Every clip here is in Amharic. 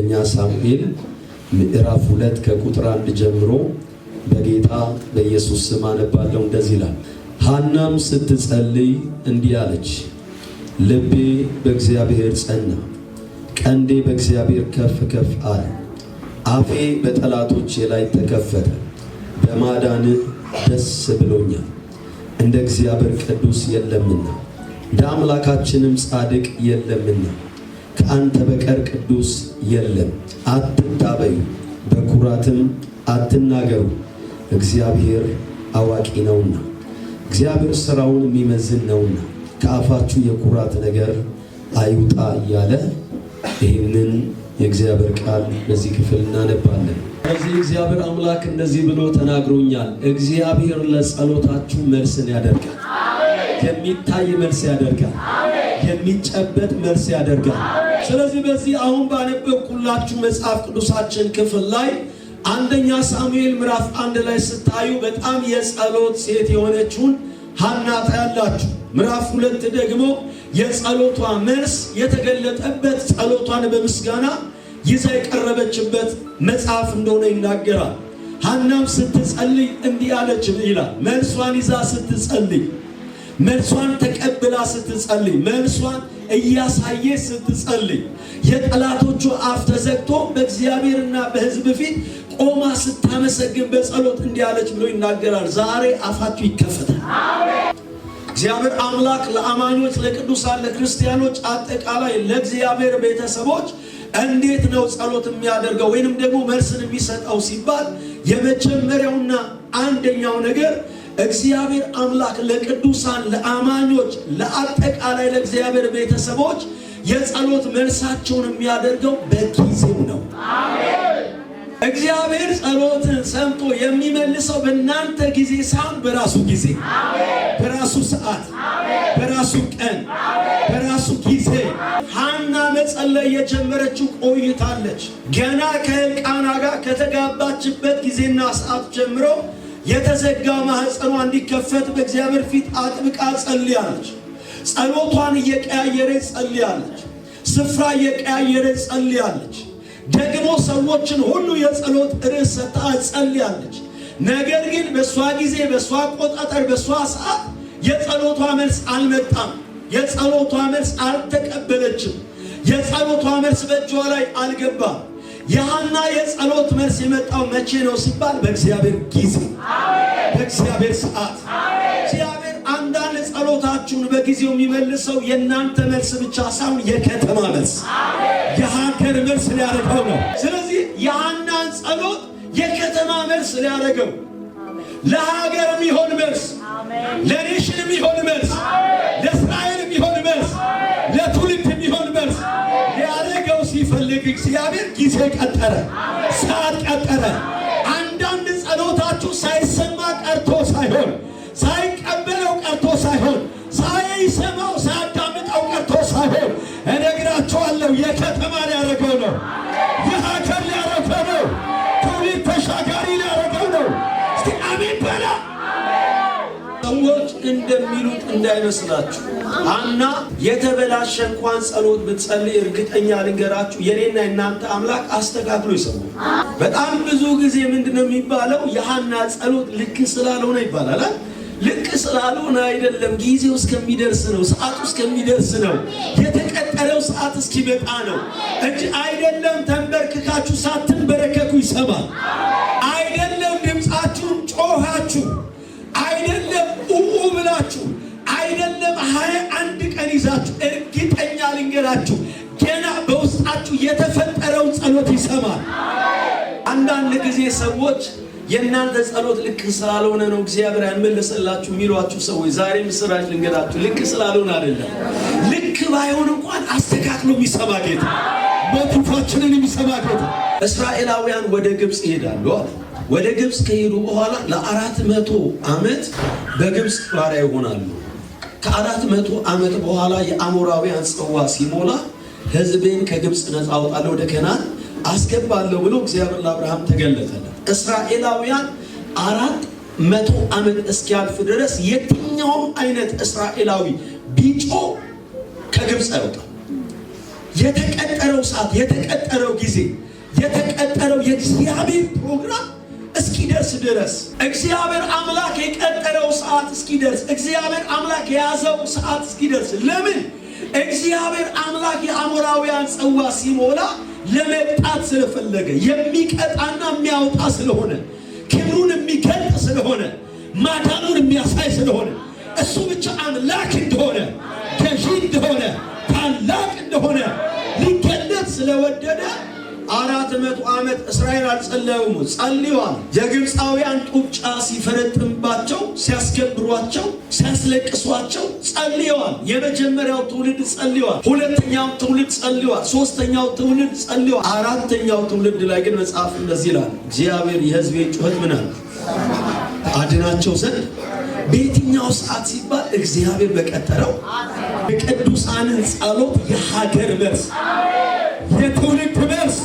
አንደኛ ሳሙኤል ምዕራፍ ሁለት ከቁጥር አንድ ጀምሮ በጌታ በኢየሱስ ስም አነባለሁ። እንደዚህ ይላል። ሐናም ስትጸልይ እንዲህ አለች፣ ልቤ በእግዚአብሔር ጸና፣ ቀንዴ በእግዚአብሔር ከፍ ከፍ አለ። አፌ በጠላቶቼ ላይ ተከፈተ፣ በማዳንህ ደስ ብሎኛል። እንደ እግዚአብሔር ቅዱስ የለምና እንደ አምላካችንም ጻድቅ የለምና ከአንተ በቀር ቅዱስ የለም። አትታበዩ፣ በኩራትም አትናገሩ፣ እግዚአብሔር አዋቂ ነውና፣ እግዚአብሔር ስራውን የሚመዝን ነውና ከአፋችሁ የኩራት ነገር አይውጣ እያለ ይህንን የእግዚአብሔር ቃል በዚህ ክፍል እናነባለን። ከዚህ እግዚአብሔር አምላክ እንደዚህ ብሎ ተናግሮኛል። እግዚአብሔር ለጸሎታችሁ መልስን ያደርጋል። የሚታይ መልስ ያደርጋል። የሚጨበጥ መልስ ያደርጋል። ስለዚህ በዚህ አሁን ባነበብኩላችሁ መጽሐፍ ቅዱሳችን ክፍል ላይ አንደኛ ሳሙኤል ምዕራፍ አንድ ላይ ስታዩ በጣም የጸሎት ሴት የሆነችውን ሀና ታያላችሁ። ምዕራፍ ሁለት ደግሞ የጸሎቷ መልስ የተገለጠበት ጸሎቷን በምስጋና ይዛ የቀረበችበት መጽሐፍ እንደሆነ ይናገራል። ሀናም ስትጸልይ እንዲህ አለች ይላል። መልሷን ይዛ ስትጸልይ፣ መልሷን ተቀብላ ስትጸልይ፣ መልሷን እያሳየ ስትጸልይ የጠላቶቹ አፍ ተዘግቶ በእግዚአብሔርና በሕዝብ ፊት ቆማ ስታመሰግን በጸሎት እንዲያለች ብሎ ይናገራል። ዛሬ አፋችሁ ይከፈታል። እግዚአብሔር አምላክ ለአማኞች ለቅዱሳን፣ ለክርስቲያኖች አጠቃላይ ለእግዚአብሔር ቤተሰቦች እንዴት ነው ጸሎት የሚያደርገው ወይንም ደግሞ መልስን የሚሰጠው ሲባል የመጀመሪያውና አንደኛው ነገር እግዚአብሔር አምላክ ለቅዱሳን ለአማኞች፣ ለአጠቃላይ ለእግዚአብሔር ቤተሰቦች የጸሎት መልሳቸውን የሚያደርገው በጊዜው ነው። እግዚአብሔር ጸሎትን ሰምቶ የሚመልሰው በእናንተ ጊዜ ሳይሆን በራሱ ጊዜ፣ በራሱ ሰዓት፣ በራሱ ቀን፣ በራሱ ጊዜ። ሐና መጸለይ የጀመረችው ቆይታለች። ገና ከሕልቃና ጋር ከተጋባችበት ጊዜና ሰዓት ጀምሮ የተዘጋው ማኅፀኗ እንዲከፈት በእግዚአብሔር ፊት አጥብቃ ጸልያለች። ጸሎቷን እየቀያየረች ጸልያለች። ስፍራ እየቀያየረች ጸልያለች። ደግሞ ሰዎችን ሁሉ የጸሎት ርዕስ ሰጥታ ጸልያለች። ነገር ግን በእሷ ጊዜ፣ በእሷ አቆጣጠር፣ በእሷ ሰዓት የጸሎቷ መልስ አልመጣም። የጸሎቷ መልስ አልተቀበለችም። የጸሎቷ መልስ በእጇ ላይ አልገባም። የሐና የጸሎት መልስ የመጣው መቼ ነው ሲባል በእግዚአብሔር ጊዜ፣ በእግዚአብሔር ሰዓት። እግዚአብሔር አንዳንድ ጸሎታችሁን በጊዜው የሚመልሰው የእናንተ መልስ ብቻ ሳይሆን የከተማ መልስ፣ የሀገር መልስ ሊያደርገው ነው። ስለዚህ የሐናን ጸሎት የከተማ መልስ ሊያደርገው ለሀገር የሚሆን መልስ፣ ለኔሽን የሚሆን መልስ ጊዜ ቀጠረ፣ ሰዓት ቀጠረ። አንዳንድ ጸሎታችሁ ሳይሰማ ቀርቶ ሳይሆን ሳይቀበለው ቀርቶ ሳይሆን ሳይሰማው ሳያዳምጠው ቀርቶ ሳይሆን እነግራችኋለሁ የከተማ ያደረገው ነው። እንደሚሉት እንዳይመስላችሁ። ሐና የተበላሸ እንኳን ጸሎት ብትጸልይ እርግጠኛ ልንገራችሁ የኔና የናንተ አምላክ አስተካክሎ ይሰማል። በጣም ብዙ ጊዜ ምንድን ነው የሚባለው? የሐና ጸሎት ልክ ስላልሆነ ይባላል። ልክ ስላልሆነ አይደለም፣ ጊዜው እስከሚደርስ ነው፣ ሰዓቱ እስከሚደርስ ነው፣ የተቀጠረው ሰዓት እስኪመጣ ነው እንጂ አይደለም። ተንበርክካችሁ ሳትንበረከኩ ይሰማል። አይደለም ድምፃችሁን ጮኋችሁ ቁሙ ብላችሁ አይደለም ሀያ አንድ ቀን ይዛችሁ እርግጠኛ ልንገራችሁ ገና በውስጣችሁ የተፈጠረውን ጸሎት ይሰማል። አንዳንድ ጊዜ ሰዎች የእናንተ ጸሎት ልክ ስላልሆነ ነው እግዚአብሔር ያልመለሰላችሁ የሚሏችሁ ሰዎች ዛሬ ምስራች ልንገራችሁ፣ ልክ ስላልሆነ አይደለም። ልክ ባይሆን እንኳን አስተካክሎ የሚሰማ ጌታ፣ መትንፋችንን የሚሰማ ጌታ። እስራኤላውያን ወደ ግብፅ ይሄዳሉ አሉ ወደ ግብፅ ከሄዱ በኋላ ለአራት መቶ ዓመት በግብፅ ባሪያ ይሆናሉ። ከአራት መቶ ዓመት በኋላ የአሞራውያን ጽዋ ሲሞላ ህዝብን ከግብፅ ነፃ አውጣለሁ ወደ ከናን አስገባለሁ ብሎ እግዚአብሔር ለአብርሃም ተገለጠለት። እስራኤላውያን አራት መቶ ዓመት እስኪያልፍ ድረስ የትኛውም አይነት እስራኤላዊ ቢጮ ከግብፅ አይወጣም። የተቀጠረው ሰዓት፣ የተቀጠረው ጊዜ፣ የተቀጠረው የእግዚአብሔር ፕሮግራም እስኪደርስ ድረስ እግዚአብሔር አምላክ የቀጠረው ሰዓት እስኪደርስ እግዚአብሔር አምላክ የያዘው ሰዓት እስኪደርስ ለምን እግዚአብሔር አምላክ የአሞራውያን ጽዋ ሲሞላ ለመጣት ስለፈለገ የሚቀጣና የሚያወጣ ስለሆነ ክብሩን የሚገልጥ ስለሆነ ማዳኑን የሚያሳይ ስለሆነ እሱ ብቻ አምላክ እንደሆነ ገዢ እንደሆነ ታላቅ እንደሆነ ሊገለጥ ስለወደደ አራት መቶ ዓመት እስራኤል አልጸለዩም፣ ጸልዋል። የግብፃውያን ጡጫ ሲፈረጥምባቸው፣ ሲያስገብሯቸው፣ ሲያስለቅሷቸው ጸልዋል። የመጀመሪያው ትውልድ ጸልዋል። ሁለተኛው ትውልድ ጸልዋል። ሶስተኛው ትውልድ ጸልዋል። አራተኛው ትውልድ ላይ ግን መጽሐፍ እንደዚህ ይላል፣ እግዚአብሔር የህዝቤ ጩኸት ምን አለ አድናቸው ዘንድ በየትኛው ሰዓት ሲባል እግዚአብሔር በቀጠረው የቅዱሳንን ጸሎት የሀገር መርስ የትውልድ መርስ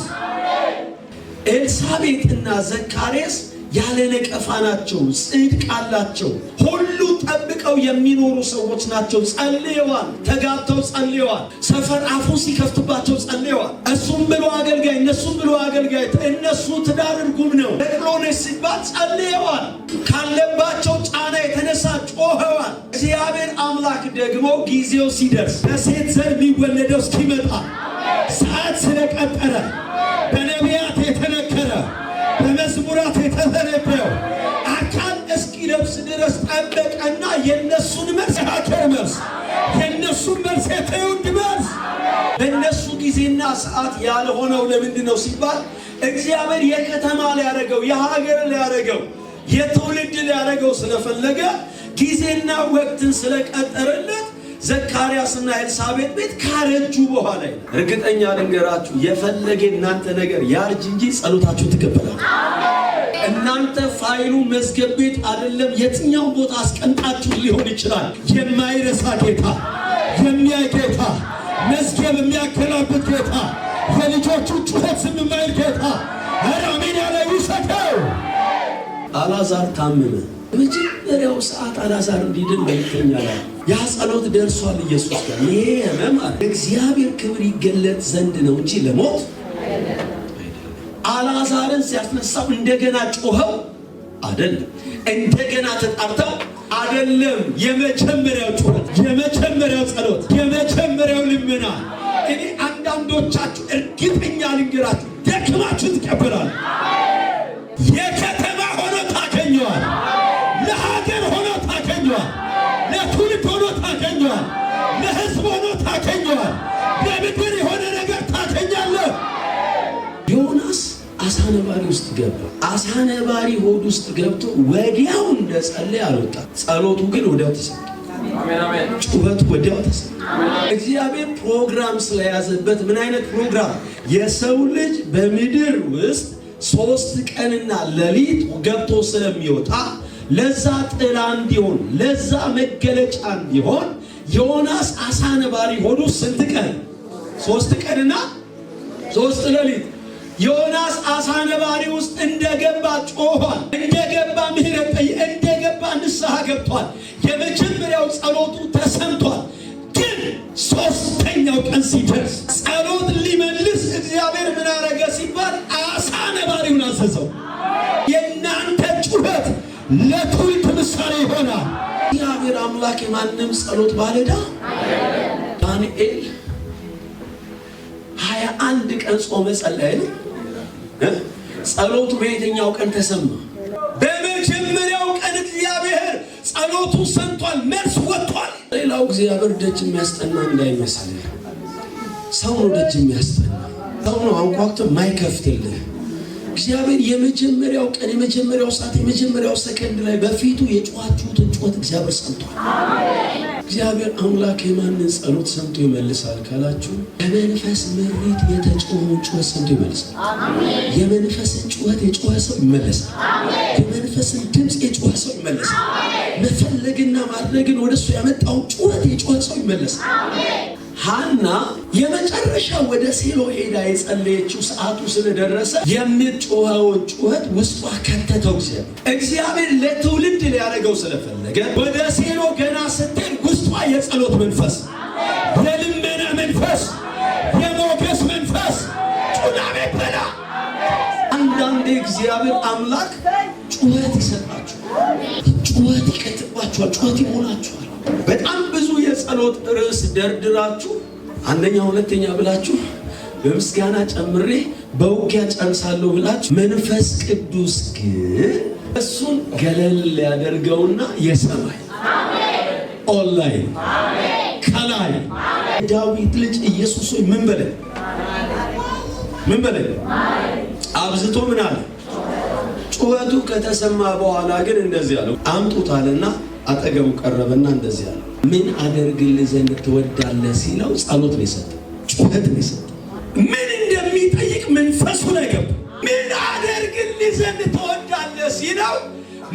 ኤልሳቤትና ዘካርያስ ያለ ነቀፋ ናቸው። ጽድቅ አላቸው። ሁሉ ጠብቀው የሚኖሩ ሰዎች ናቸው። ጸልየዋል፣ ተጋብተው ጸልየዋል። ሰፈር አፉ ሲከፍትባቸው ጸልየዋል። እሱም ብሎ አገልጋይ፣ እነሱም ብሎ አገልጋይ፣ እነሱ ትዳር እርጉም ነው ለቅሎነ ሲባል ጸልየዋል። ካለባቸው ጫና የተነሳ ጮኸዋል። እግዚአብሔር አምላክ ደግሞ ጊዜው ሲደርስ ከሴት ዘር የሚወለደው እስኪመጣ ሰዓት ስለቀጠረ የተፈነበየው አካል እስኪለብስ ድረስ ጠበቀና የነሱን መልስ የሀገር መልስ የነሱን መልስ የተውድ መልስ በእነሱ ጊዜና ሰዓት ያልሆነው ለምንድን ነው ሲባል እግዚአብሔር የከተማ ሊያደረገው የሀገር ሊያደረገው የትውልድ ሊያደረገው ስለፈለገ ጊዜና ወቅትን ስለቀጠረለት ዘካርያስና ኤልሳቤጥ ቤት ካረጁ በኋላ እርግጠኛ ልንገራችሁ የፈለገ እናንተ ነገር ያርጅ እንጂ ጸሎታችሁ ትቀበላለች። እናንተ ፋይሉ መዝገብ ቤት አይደለም፣ የትኛው ቦታ አስቀምጣችሁ ሊሆን ይችላል። የማይረሳ ጌታ፣ የሚያይ ጌታ፣ መዝገብ የሚያከላብት ጌታ፣ የልጆቹ ጩኸት ዝም የማይል ጌታ። ኧረ አሜን ያለ ይውሰደው። አላዛር ታመመ። መጀመሪያው ሰዓት አላዛር እንዲድን በይተኛል። ያ ጸሎት ደርሷል ኢየሱስ ጋር። ይሄ ህመም እግዚአብሔር ክብር ይገለጥ ዘንድ ነው እንጂ ለሞት አልዓዛርን ሲያስነሳው እንደገና ጮኸው አይደለም፣ እንደገና ተጣርተው አይደለም። የመጀመሪያው ጩኸት፣ የመጀመሪያው ጸሎት፣ የመጀመሪያው ልመና። እኔ አንዳንዶቻችሁ እርግጠኛ ልንገራችሁ፣ ደክማችሁ ትቀበላል የከተ አሳ ነባሪ ውስጥ ገባ። አሳ ነባሪ ሆድ ውስጥ ገብቶ ወዲያው እንደጸለየ አልወጣ። ጸሎቱ ግን ወዲያው ተሰጠ። ጩኸቱ ወዲያው ተሰማ። እግዚአብሔር ፕሮግራም ስለያዘበት ምን አይነት ፕሮግራም? የሰው ልጅ በምድር ውስጥ ሶስት ቀንና ሌሊት ገብቶ ስለሚወጣ ለዛ ጥላ እንዲሆን ለዛ መገለጫ እንዲሆን ዮናስ አሳ ነባሪ ሆዱ ስንት ቀን? ሶስት ቀንና ሶስት ሌሊት ዮናስ አሳ ነባሪ ውስጥ እንደገባ ጮኋል። እንደገባ ምህረት እንደገባ ንስሐ ገብቷል። የመጀመሪያው ጸሎቱ ተሰምቷል። ግን ሶስተኛው ቀን ሲደርስ ጸሎት ሊመልስ እግዚአብሔር ምን አረገ ሲባል አሳ ነባሪውን አዘዘው። የእናንተ ጩኸት ለትውልድ ምሳሌ ይሆናል። እግዚአብሔር አምላክ የማንም ጸሎት ባለዳ ዳንኤል ሀያ አንድ ቀን ጾመ ጸለየ። ጸሎቱ በየትኛው ቀን ተሰማ? በመጀመሪያው ቀን እግዚአብሔር ጸሎቱ ሰምቷል፣ መልስ ወጥቷል። ሌላው እግዚአብሔር ደጅ የሚያስጠና እንዳይመስል ሰው ነው ደጅ የሚያስጠና ሰው ነው አንኳኩቶ ማይከፍትልህ እግዚአብሔር የመጀመሪያው ቀን የመጀመሪያው ሰዓት የመጀመሪያው ሰከንድ ላይ በፊቱ የጨዋችሁትን ጩኸት እግዚአብሔር ሰምቷል። እግዚአብሔር አምላክ የማንን ጸሎት ሰምቶ ይመልሳል ካላችሁ፣ የመንፈስ ምሪት የተጮኸውን ጩኸት ሰምቶ ይመልሳል። የመንፈስን ጩኸት የጮኸ ሰው ይመለሳል። የመንፈስን ድምፅ የጮኸ ሰው ይመለሳል። መፈለግና ማድረግን ወደሱ ያመጣውን ጩኸት የጮኸ ሰው ይመለሳል። ሀና የመጨረሻ ወደ ሴሎ ሄዳ የጸለየችው ሰዓቱ ስለደረሰ የምትጮኸውን ጩኸት ውስጧ ከተተው። እግዚአብሔር እግዚአብሔር ለትውልድ ሊያደርገው ስለፈለገ ወደ የጸሎት መንፈስ፣ የልመና መንፈስ፣ የሞገስ መንፈስ ጩናሜ በላ። አንዳንዴ እግዚአብሔር አምላክ ጩኸት ይሰጣችኋል፣ ጩኸት ይከትባችኋል፣ ጩኸት ይሆናችኋል። በጣም ብዙ የጸሎት ርዕስ ደርድራችሁ አንደኛ ሁለተኛ ብላችሁ በምስጋና ጨምሬ በውጊያ ጨርሳለሁ ብላችሁ መንፈስ ቅዱስ ግን እሱን ገለል ያደርገውና የሰማይ ኦንላይን ከላይ ዳዊት ልጅ ኢየሱስ ሆይ ምን በለ ምን በለ አብዝቶ ምን አለ ጩኸቱ ከተሰማ በኋላ ግን እንደዚህ አለው አምጡታልና አጠገቡ ቀረበና እንደዚህ አለ ምን አደርግልህ ዘንድ ትወዳለህ ሲለው ጸሎት ነው የሰጠው ጩኸት ነው የሰጠው ምን እንደሚጠይቅ መንፈሱ ላይ ገባ ምን አደርግልህ ዘንድ ትወዳለህ ሲለው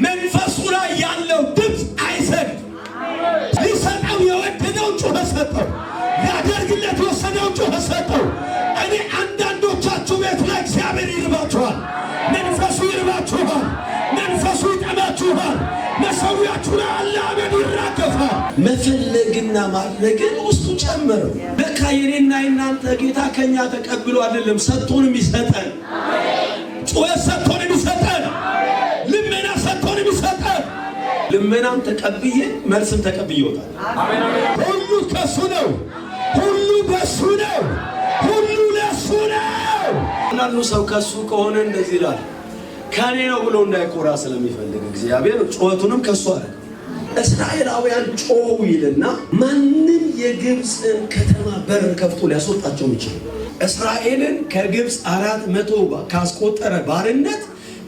መንፈሱ ላይ ሰጠው። ሊያደርግለት የወሰደው ጮኸ ሰጠው። እኔ አንዳንዶቻችሁ ቤት ላይ እግዚአብሔር ይርባችኋል፣ መንፈሱ ይርባችኋል፣ መንፈሱ ይጠማችኋል። መሰዊያችሁ ላይ አለ አመድ ይራገፋል። መፈለግና ማድረግን ውስጡ ጨምረው በቃ የኔና የናንተ ጌታ ከኛ ተቀብሎ አይደለም ሰጥቶንም ይሰጠን። ጩኸት ሰጥቶንም ይሰጠን። ልመና ሰጥቶንም ይሰጠን። ልመናም ተቀብዬ መልስም ተቀብዬ ይወጣል። በሱ ነው። ሁሉ በሱ ነው። ሁሉ ለሱ ነው። አንዳንዱ ሰው ከሱ ከሆነ እንደዚህ ይላል። ከኔ ነው ብሎ እንዳይኮራ ስለሚፈልግ እግዚአብሔር ጩኸቱንም ከሱ አለ። እስራኤላውያን ጮሁ ይልና ማንም የግብፅን ከተማ በር ከፍቶ ሊያስወጣቸው ይችል እስራኤልን ከግብፅ አራት መቶ ካስቆጠረ ባርነት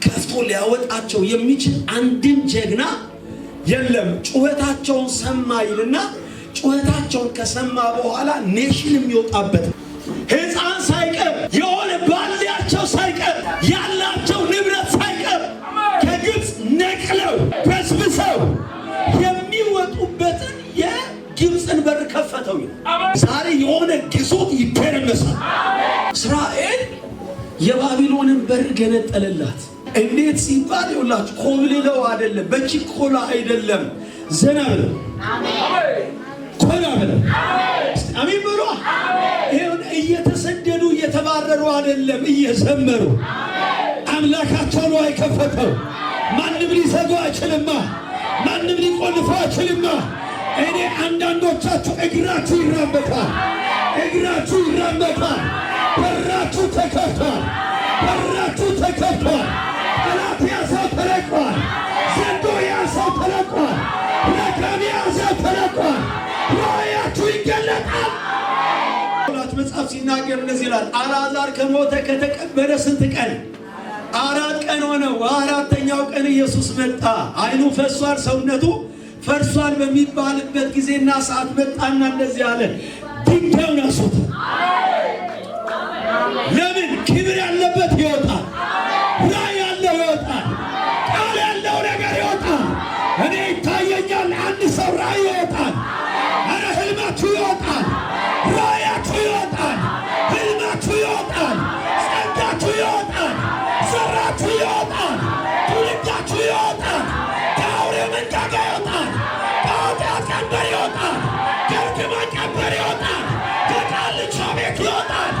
ከፍቶ ሊያወጣቸው የሚችል አንድም ጀግና የለም። ጩኸታቸውን ሰማ ይልና ጩኸታቸውን ከሰማ በኋላ ኔሽን የሚወጣበት ህፃን ሳይቀር የሆነ ባልያቸው ሳይቀር ያላቸው ንብረት ሳይቀር ከግብፅ ነቅለው በስብሰው የሚወጡበትን የግብፅን በር ከፈተው። ዛሬ የሆነ ግዞት ይደረመሳል። እስራኤል የባቢሎንን በር ገነጠለላት። እንዴት ሲባል ይውላችሁ ኮብልለው አይደለም፣ በችኮላ አይደለም፣ ዘና ብለው አሜን ብሎ አሚን እየተሰደዱ እየተባረሩ አይደለም፣ እየዘመሩ አምላካቸው ነው የከፈተው። ማንም ሊዘጋው አይችልማ፣ ማንም ሊቆልፈው አይችልማ። እኔ አንዳንዶቻችሁ እግራችሁ ይራመታል፣ እግራችሁ ይራመታል። በራችሁ ተከፍቷል፣ በራችሁ ተከፍቷል። ጠላት ያሳው ተለቋል። ሲናገር እንደዚህ ይላል፣ አልዓዛር ከሞተ ከተቀበረ ስንት ቀን? አራት ቀን ሆነው። አራተኛው ቀን ኢየሱስ መጣ። ዓይኑ ፈሷል፣ ሰውነቱ ፈርሷል በሚባልበት ጊዜና ሰዓት መጣና እንደዚህ አለ፣ ድንጋዩን አንሱት። ለምን ክብር ያለበት ይወጣል ትዮጣን ትውልዳችሁ ይወጣል። ከአውሬው መንጋጋ ይወጣል። ከኃጢአት ቀንበር ይወጣል። ከእርግማን ቀንበር ይወጣል። ከቃልቻ ቤት ይወጣል።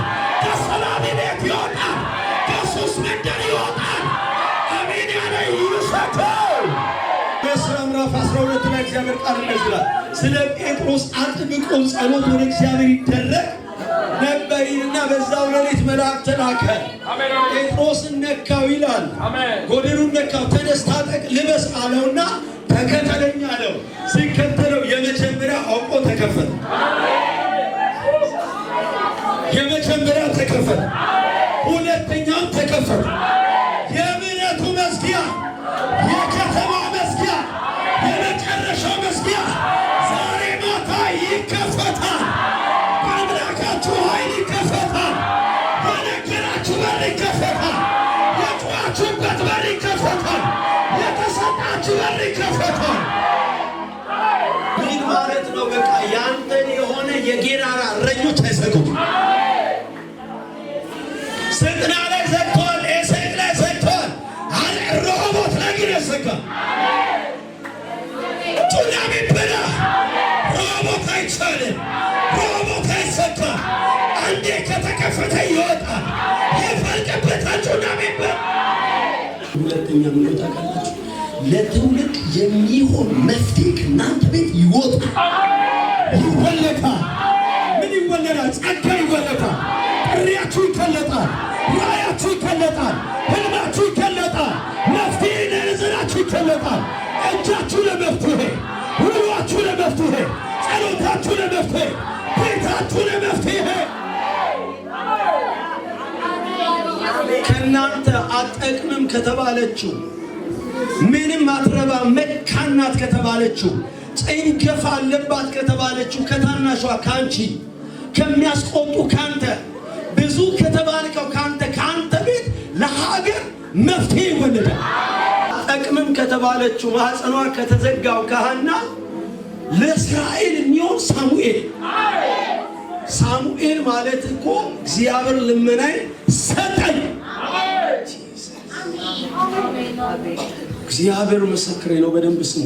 ከሰላቢ ቤት ይወጣል። ከሱስ መንደር ይወጣል። አሜን ያለ ይውሰተው በስራ ምዕራፍ 12 ላይ እግዚአብሔር ቃል ይመስላል ስለ ጴጥሮስ አጥብቆን ጸሎት ወደ እግዚአብሔር ይደረግ ነበርና በዛው ሌሊት መልአክ ተላከ። ጴጥሮስን ነካው ይላል። ጎድኑን ነካው፣ ተነስ ታጠቅ፣ ልበስ አለውና ተከተለኝ አለው። ሲከተለው የመጀመሪያ አውቆ ተከፈተ። የመጀመሪያ ተከፈተ፣ ሁለተኛም ተከፈተ። እንደሚወጣ ቃላችሁ ለትውልድ የሚሆን መፍትሄ ከእናንተ ቤት ይወጣል፣ ይወለዳል። ምን ይወለዳል? ጸጋ ይወለዳል። ጥሪያችሁ ይገለጣል። ራእያችሁ ይገለጣል። ህልማችሁ ይገለጣል። መፍትሄ ለነዘራችሁ ይገለጣል። እጃችሁ ለመፍትሄ፣ ውሏችሁ ለመፍትሄ፣ ጸሎታችሁ ለመፍትሄ፣ ቤታችሁ ለመፍትሄ ለእናንተ አጠቅምም ከተባለችው ምንም አትረባ መካናት ከተባለችው ጭንገፋ አለባት ከተባለችው ከታናሿ ከአንቺ ከሚያስቆጡ ካንተ ብዙ ከተባልከው ካንተ ካንተ ቤት ለሀገር መፍትሄ ይወለዳል። አጠቅምም ከተባለችው ማህፀኗ ከተዘጋው ካህና ለእስራኤል የሚሆን ሳሙኤል ሳሙኤል ማለት እኮ እግዚአብሔር ልመናይ ሰ እግዚአብሔር ምስክሬ ነው። በደንብ ስሙ።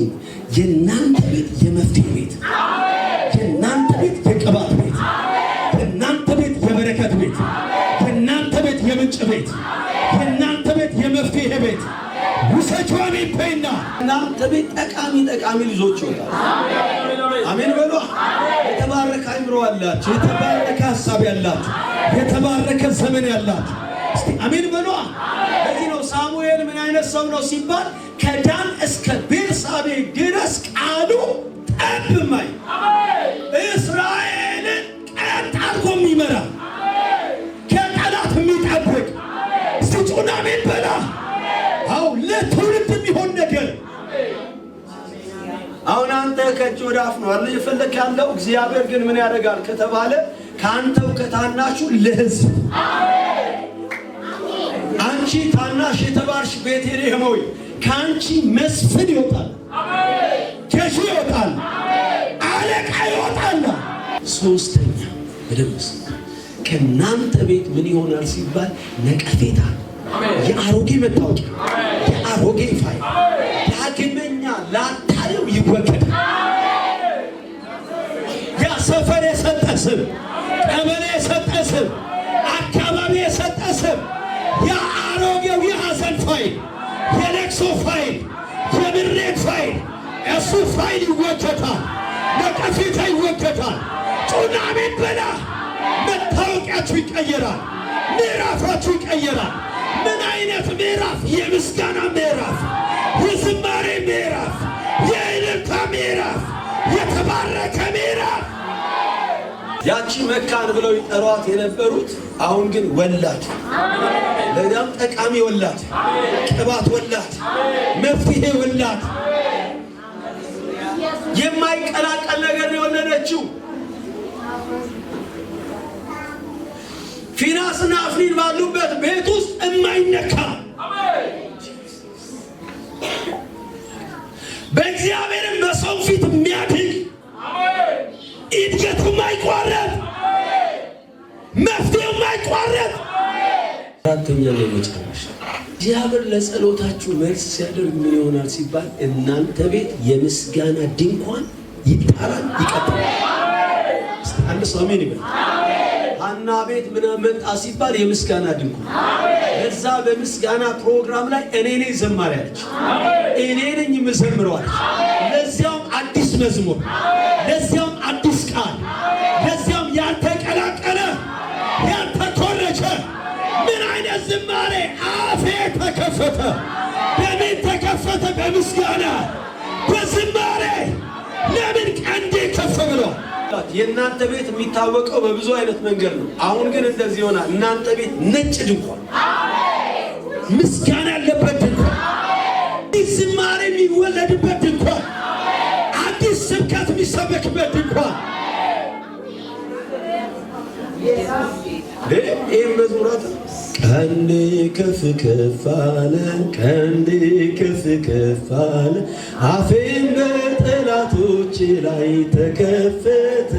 የእናንተ ቤት የመፍትሄ ቤት፣ የእናንተ ቤት የቅባት ቤት፣ የእናንተ ቤት የበረከት ቤት፣ የእናንተ ቤት የምንጭ ቤት፣ የእናንተ ቤት የመፍትሄ ቤት ውሰቿሚ ይበይና እናንተ ቤት ጠቃሚ ጠቃሚ ልጆች ይወጣል። አሜን በሉ። የተባረከ አይምሮ አላችሁ፣ የተባረከ ሀሳብ ያላችሁ፣ የተባረከ ዘመን ያላችሁ፣ አሜን በሉ። ዳንኤል ምን አይነት ሰው ነው ሲባል ከዳን እስከ ቤርሳቤ ድረስ ቃሉ ጠብ ማይ እስራኤልን ቀጥ አድርጎ የሚመራ ከጠላት የሚጠብቅ ስጩና ሚበላ አው ለትውልድ የሚሆን ነገር አሁን አንተ ከእጅ ወደ አፍ ነው አለ የፈለክ ያለው። እግዚአብሔር ግን ምን ያደርጋል ከተባለ ከአንተው ከታናሹ ለህዝብ አንቺ ታናሽ የተባርሽ ቤተልሔም ሆይ ከአንቺ መስፍን ይወጣል፣ ገዢ ይወጣል፣ አለቃ ይወጣል። ሶስተኛ በደንብ ከእናንተ ቤት ምን ይሆናል ሲባል ነቀፌታ፣ የአሮጌ መታወቂያ፣ የአሮጌ ፋይ ዳግመኛ ላታየው ይወገዳል። ያ ሰፈር የሰጠ ስም፣ ቀበሌ የሰጠ ስም፣ አካባቢ የሰጠ ስም የሐዘን ፋይል፣ የለቅሶ ፋይል፣ የምሬት ፋይል እሱ ፋይል ይወገታል፣ ነቀፌታ ይወገታል። ጩናሜን በላ መታወቂያችሁ ይቀየራል፣ ምዕራፋችሁ ይቀየራል። ምን አይነት ምዕራፍ? የምስጋና ምዕራፍ፣ የዝማሬ ምዕራፍ ያቺ መካን ብለው ይጠሯት የነበሩት አሁን ግን ወላድ፣ ለእኛም ጠቃሚ ወላድ፣ ቅባት ወላድ፣ መፍትሄ ወላድ፣ የማይቀላቀል ነገር የወለደችው ፊናስና አፍኒን ባሉበት ቤት ውስጥ የማይነካ በእግዚአብሔርም በሰው ፊት የሚያድግ እድገቱ ማይቋረጥ መፍትሄው ማይቋረጥ አራተኛ ላይ መጨረሻ እግዚአብሔር ለጸሎታችሁ መልስ ሲያደርግ ምን ይሆናል ሲባል እናንተ ቤት የምስጋና ድንኳን ይጣራል ይቀጥላል። አንድ ሰው አሜን ይበል። ሀና ቤት ምናምን መጣ ሲባል የምስጋና ድንኳን እዛ በምስጋና ፕሮግራም ላይ እኔ ነኝ ዘማሪ አለች፣ እኔ ነኝ የምዘምረው ለዚያውም አዲስ መዝሙር ለዚያው ተከፈተ፣ በምን ተከፈተ? በምስጋና በዝማሬ። ለምን ቀንዴ ከፍ ብሏል። የእናንተ ቤት የሚታወቀው በብዙ አይነት መንገድ ነው። አሁን ግን እንደዚህ ይሆናል። እናንተ ቤት ነጭ ድንኳን፣ ምስጋና ያለበት ድንኳን፣ ዝማሬ የሚወለድበት ድንኳን፣ አዲስ ስብከት የሚሰበክበት ድንኳን ይህ መዝሙራት ቀንዴ ከፍ ከፍ አለ፣ ቀንድ ከፍ ከፍ አለ፣ አፌም በጠላቶቼ ላይ ተከፈተ።